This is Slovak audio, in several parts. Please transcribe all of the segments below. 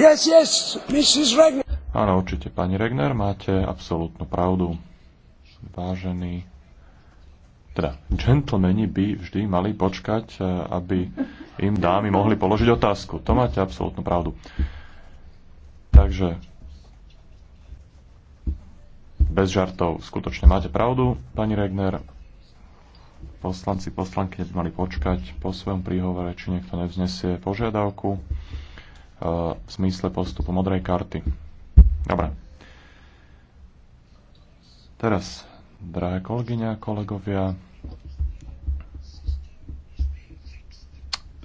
Yes, yes, Mrs. Regner. Áno, určite, pani Regner, máte absolútnu pravdu. Vážený teda džentlmeni by vždy mali počkať, eh, aby im dámy mohli položiť otázku. To máte absolútnu pravdu. Takže bez žartov, skutočne máte pravdu, pani Regner poslanci, poslanky by mali počkať po svojom príhovore, či niekto nevznesie požiadavku e, v zmysle postupu modrej karty. Dobre. Teraz, drahé kolegyňa a kolegovia,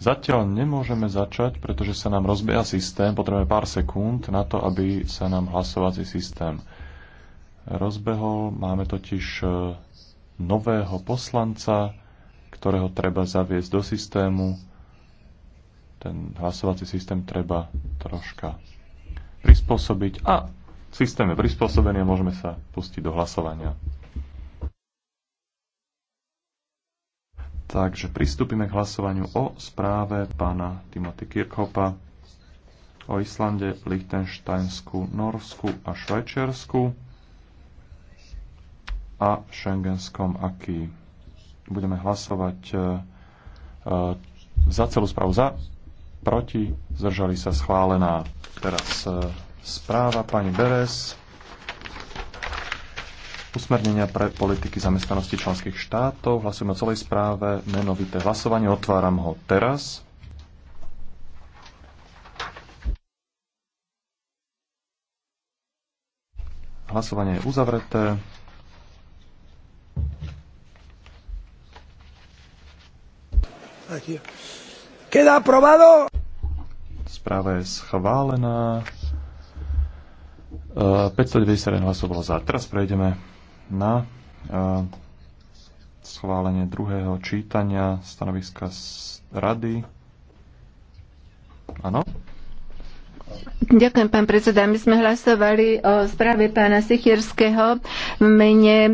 Zatiaľ nemôžeme začať, pretože sa nám rozbieha systém. Potrebujeme pár sekúnd na to, aby sa nám hlasovací systém rozbehol. Máme totiž e, nového poslanca, ktorého treba zaviesť do systému. Ten hlasovací systém treba troška prispôsobiť a systém je prispôsobený a môžeme sa pustiť do hlasovania. Takže pristúpime k hlasovaniu o správe pána Timothy Kirchhoffa o Islande, Liechtensteinsku, Norsku a Švajčiarsku a šengenskom aký. Budeme hlasovať e, e, za celú správu za, proti, zdržali sa schválená. Teraz e, správa pani Beres. Usmernenia pre politiky zamestnanosti členských štátov. Hlasujeme o celej správe. Menovité hlasovanie. Otváram ho teraz. Hlasovanie je uzavreté. Queda aprobado. Správa je schválená. 591 e, hlasov bolo za. Teraz prejdeme na e, schválenie druhého čítania stanoviska rady. Áno? Ďakujem, pán predseda. My sme hlasovali o správe pána Sichierského v mene e,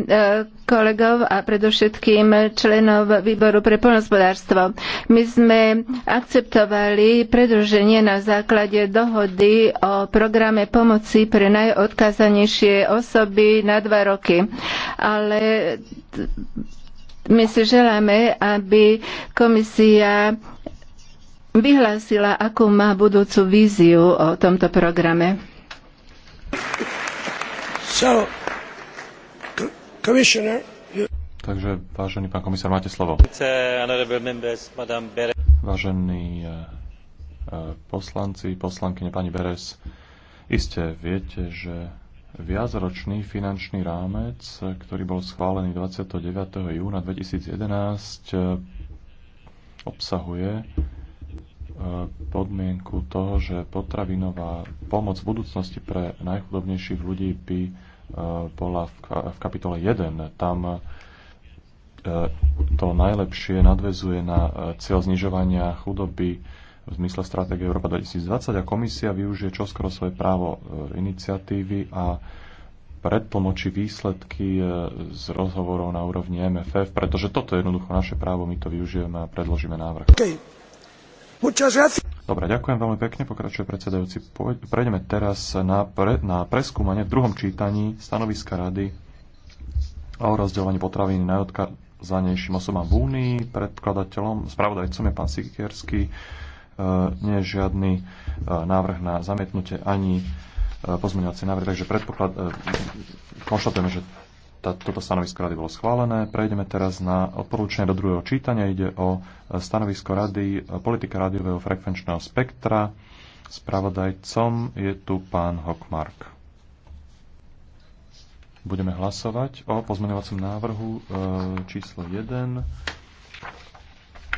kolegov a predovšetkým členov výboru pre poľnohospodárstvo. My sme akceptovali predlženie na základe dohody o programe pomoci pre najodkázanejšie osoby na dva roky. Ale my si želáme, aby komisia vyhlásila, akú má budúcu víziu o tomto programe. So, Takže, vážený pán komisár, máte slovo. Vážení eh, eh, poslanci, poslankyne, pani Beres, iste viete, že viacročný finančný rámec, ktorý bol schválený 29. júna 2011, eh, obsahuje E, podmienku toho, že potravinová pomoc v budúcnosti pre najchudobnejších ľudí by e, bola v kapitole 1. Tam e, to najlepšie nadvezuje na cieľ znižovania chudoby v zmysle stratégie Európa 2020 a komisia využije čoskoro svoje právo iniciatívy a pretlmočí výsledky z rozhovorov na úrovni MFF, pretože toto je jednoducho naše právo, my to využijeme a predložíme návrh. Okay. Dobre, ďakujem veľmi pekne, pokračuje predsedajúci. Prejdeme teraz na, pre, na preskúmanie v druhom čítaní stanoviska rady o rozdeľovaní potravín najodkazanejším osobám v Únii. Predkladateľom, spravodajcom je pán Sikierský. E, nie je žiadny e, návrh na zamietnutie ani e, pozmeňovací návrh, takže predpoklad, e, konštatujeme, že toto stanovisko rady bolo schválené. Prejdeme teraz na odporúčanie do druhého čítania. Ide o e, stanovisko rady e, politika rádiového frekvenčného spektra. Spravodajcom je tu pán Hockmark. Budeme hlasovať o pozmeňovacom návrhu e, číslo 1.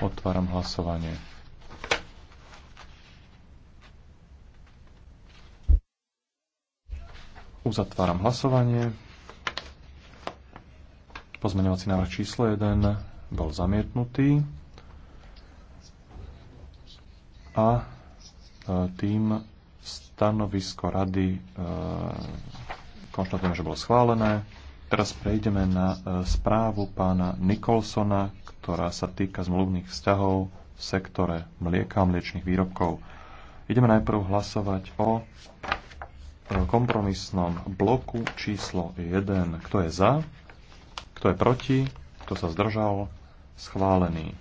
Otváram hlasovanie. Uzatváram hlasovanie. Pozmeňovací návrh číslo 1 bol zamietnutý a e, tým stanovisko rady e, konštatujeme, že bolo schválené. Teraz prejdeme na e, správu pána Nikolsona, ktorá sa týka zmluvných vzťahov v sektore mlieka a mliečných výrobkov. Ideme najprv hlasovať o kompromisnom bloku číslo 1. Kto je za? Kto je proti? Kto sa zdržal? Schválený.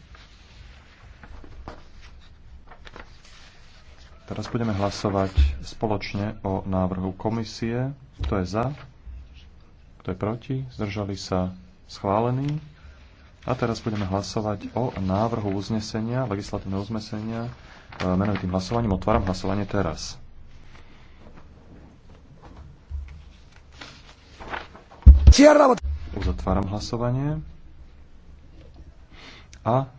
Teraz budeme hlasovať spoločne o návrhu komisie. Kto je za? Kto je proti? Zdržali sa? Schválený. A teraz budeme hlasovať o návrhu uznesenia, legislatívneho uznesenia, e, menovitým hlasovaním. Otváram hlasovanie teraz. Cierra Uzatváram hlasovanie. A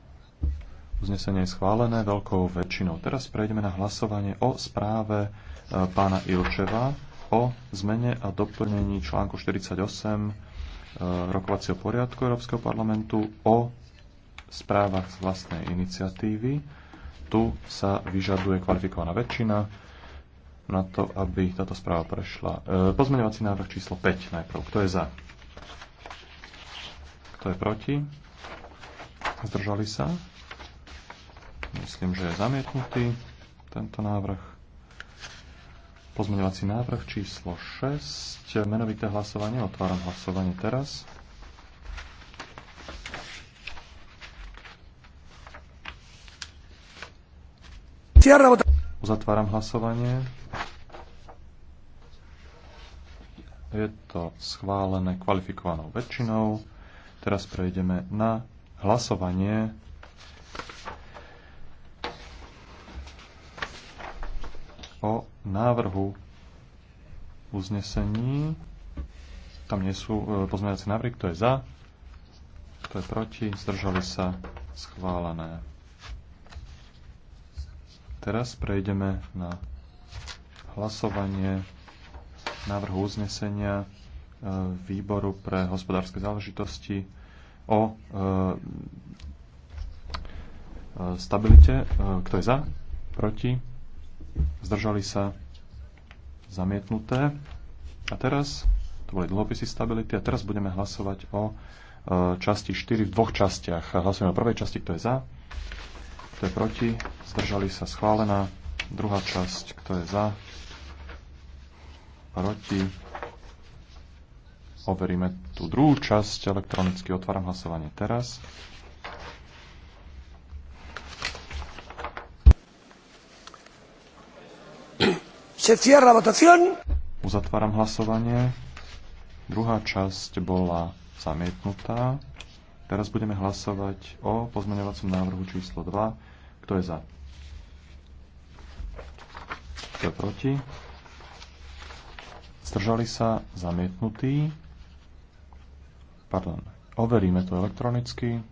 uznesenie je schválené veľkou väčšinou. Teraz prejdeme na hlasovanie o správe e, pána Ilčeva o zmene a doplnení článku 48 e, rokovacieho poriadku Európskeho parlamentu o správach z vlastnej iniciatívy. Tu sa vyžaduje kvalifikovaná väčšina na to, aby táto správa prešla. E, pozmeňovací návrh číslo 5 najprv. Kto je za? Kto je proti? Zdržali sa? Myslím, že je zamietnutý tento návrh. Pozmeňovací návrh číslo 6. Menovité hlasovanie. Otváram hlasovanie teraz. Uzatváram hlasovanie. Je to schválené kvalifikovanou väčšinou. Teraz prejdeme na hlasovanie. o návrhu uznesení. Tam nie sú e, pozmeňovacie návrhy, kto je za, kto je proti, zdržali sa schválené. Teraz prejdeme na hlasovanie návrhu uznesenia výboru pre hospodárske záležitosti o e, stabilite. E, kto je za? Proti? Zdržali sa? Zamietnuté. A teraz, to boli dlhopisy stability, a teraz budeme hlasovať o e, časti 4 v dvoch častiach. Hlasujeme o prvej časti, kto je za, kto je proti, zdržali sa schválená. Druhá časť, kto je za, proti, overíme tú druhú časť. Elektronicky otváram hlasovanie teraz. Se cierra votación. Uzatváram hlasovanie. Druhá časť bola zamietnutá. Teraz budeme hlasovať o pozmeňovacom návrhu číslo 2. Kto je za? Kto je proti? Zdržali sa zamietnutí. Pardon. Overíme to elektronicky.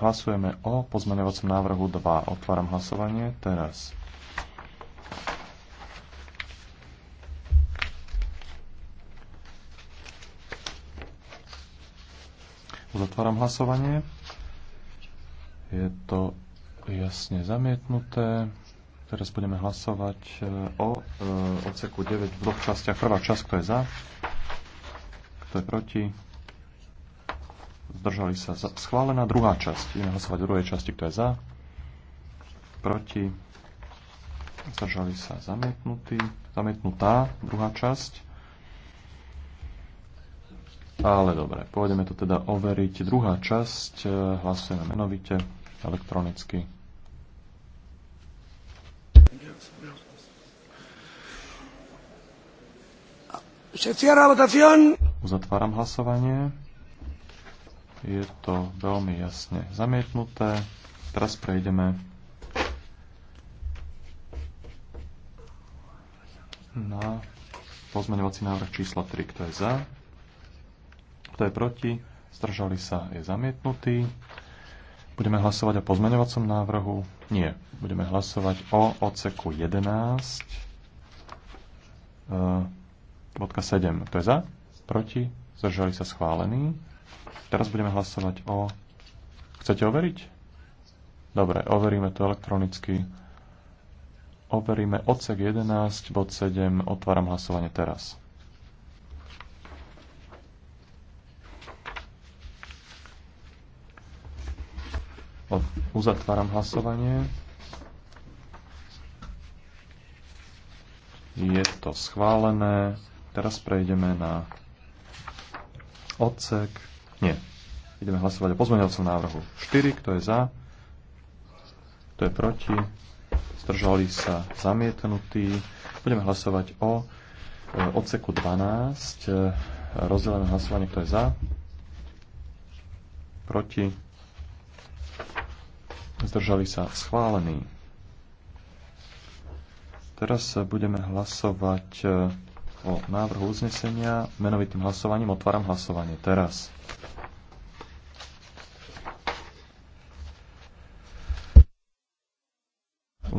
Hlasujeme o pozmeňovacom návrhu 2. Otváram hlasovanie teraz. Zatváram hlasovanie. Je to jasne zamietnuté. Teraz budeme hlasovať e, o e, odseku 9 v dvoch častiach. Prvá časť, kto je za, kto je proti, zdržali sa schválená druhá časť. Ideme hlasovať o druhej časti, kto je za, proti, zdržali sa zamietnutí, zamietnutá druhá časť. Ale dobre, pôjdeme to teda overiť. Druhá časť, e, hlasujeme menovite, elektronicky. Uzatváram hlasovanie je to veľmi jasne zamietnuté. Teraz prejdeme na pozmeňovací návrh číslo 3. Kto je za? Kto je proti? Zdržali sa? Je zamietnutý. Budeme hlasovať o pozmeňovacom návrhu? Nie. Budeme hlasovať o odseku 11. E, bodka 7. Kto je za? Proti? Zdržali sa schválený. Teraz budeme hlasovať o... Chcete overiť? Dobre, overíme to elektronicky. Overíme odsek 11, bod 7. Otváram hlasovanie teraz. Uzatváram hlasovanie. Je to schválené. Teraz prejdeme na odsek nie. Ideme hlasovať o pozmeňovacom návrhu 4. Kto je za? Kto je proti? Zdržali sa zamietnutí. Budeme hlasovať o e, odseku 12. E, rozdelené hlasovanie. Kto je za? Proti? Zdržali sa schválení. Teraz budeme hlasovať e, o návrhu uznesenia menovitým hlasovaním. Otváram hlasovanie teraz.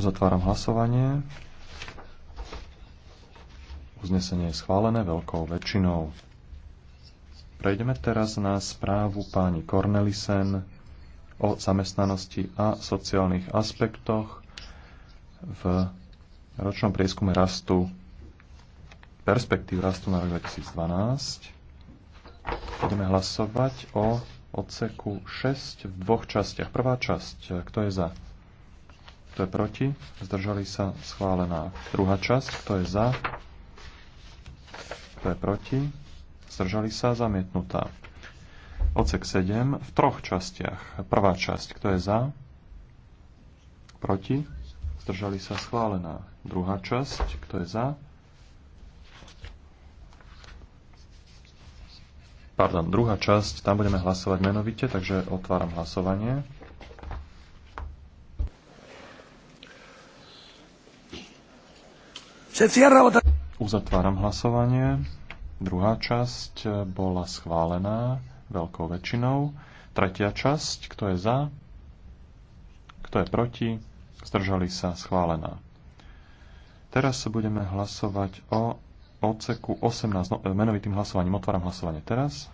Uzatváram hlasovanie. Uznesenie je schválené veľkou väčšinou. Prejdeme teraz na správu páni Cornelisen o zamestnanosti a sociálnych aspektoch v ročnom prieskume rastu perspektív rastu na rok 2012. Budeme hlasovať o odseku 6 v dvoch častiach. Prvá časť, kto je za? Kto je proti? Zdržali sa schválená. Druhá časť. Kto je za? Kto je proti? Zdržali sa zamietnutá. Ocek 7 v troch častiach. Prvá časť. Kto je za? Proti? Zdržali sa schválená. Druhá časť. Kto je za? Pardon, druhá časť, tam budeme hlasovať menovite, takže otváram hlasovanie. Uzatváram hlasovanie. Druhá časť eh, bola schválená veľkou väčšinou. Tretia časť, kto je za, kto je proti, zdržali sa schválená. Teraz sa budeme hlasovať o odseku 18, no, eh, menovitým hlasovaním. Otváram hlasovanie teraz.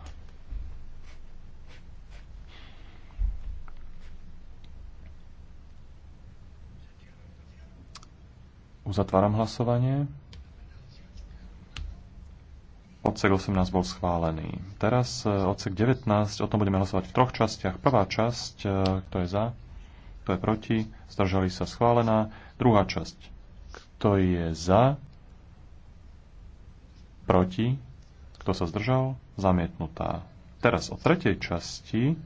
Uzatváram hlasovanie. Odsek 18 bol schválený. Teraz e, odsek 19, o tom budeme hlasovať v troch častiach. Prvá časť, e, kto je za, kto je proti, zdržali sa schválená. Druhá časť, kto je za, proti, kto sa zdržal, zamietnutá. Teraz o tretej časti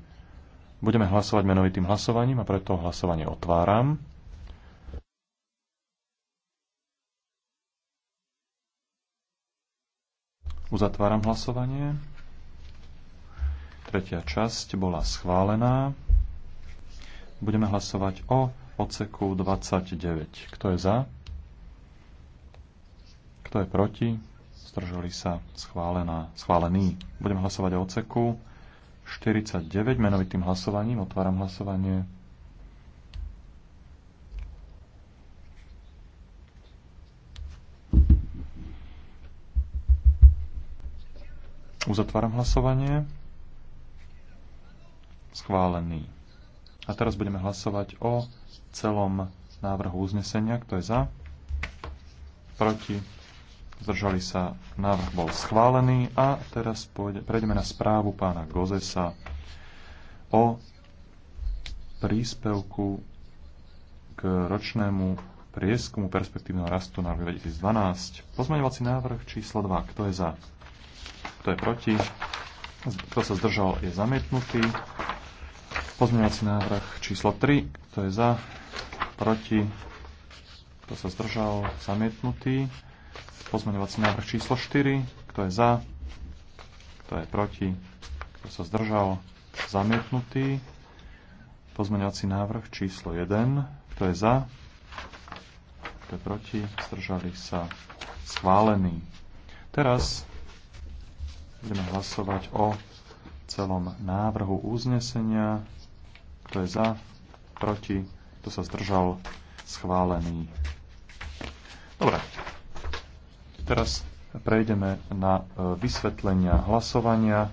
budeme hlasovať menovitým hlasovaním a preto hlasovanie otváram. Uzatváram hlasovanie. Tretia časť bola schválená. Budeme hlasovať o odseku 29. Kto je za? Kto je proti? Zdržali sa schválená, schválený. Budeme hlasovať o odseku 49 menovitým hlasovaním. Otváram hlasovanie. Uzatváram hlasovanie. Schválený. A teraz budeme hlasovať o celom návrhu uznesenia. Kto je za? Proti? Zdržali sa. Návrh bol schválený. A teraz prejdeme na správu pána Gozesa o príspevku k ročnému prieskumu perspektívneho rastu na 2012. Pozmeňovací návrh číslo 2. Kto je za? Kto je proti? Kto sa zdržal, je zamietnutý. Pozmeňovací návrh číslo 3. Kto je za? Proti? Kto sa zdržal? Zamietnutý. Pozmeňovací návrh číslo 4. Kto je za? Kto je proti? Kto sa zdržal? Zamietnutý. Pozmeňovací návrh číslo 1. Kto je za? Kto je proti? Zdržali sa? Schválený. Teraz Budeme hlasovať o celom návrhu uznesenia. Kto je za, proti, kto sa zdržal, schválený. Dobre. Teraz prejdeme na e, vysvetlenia hlasovania.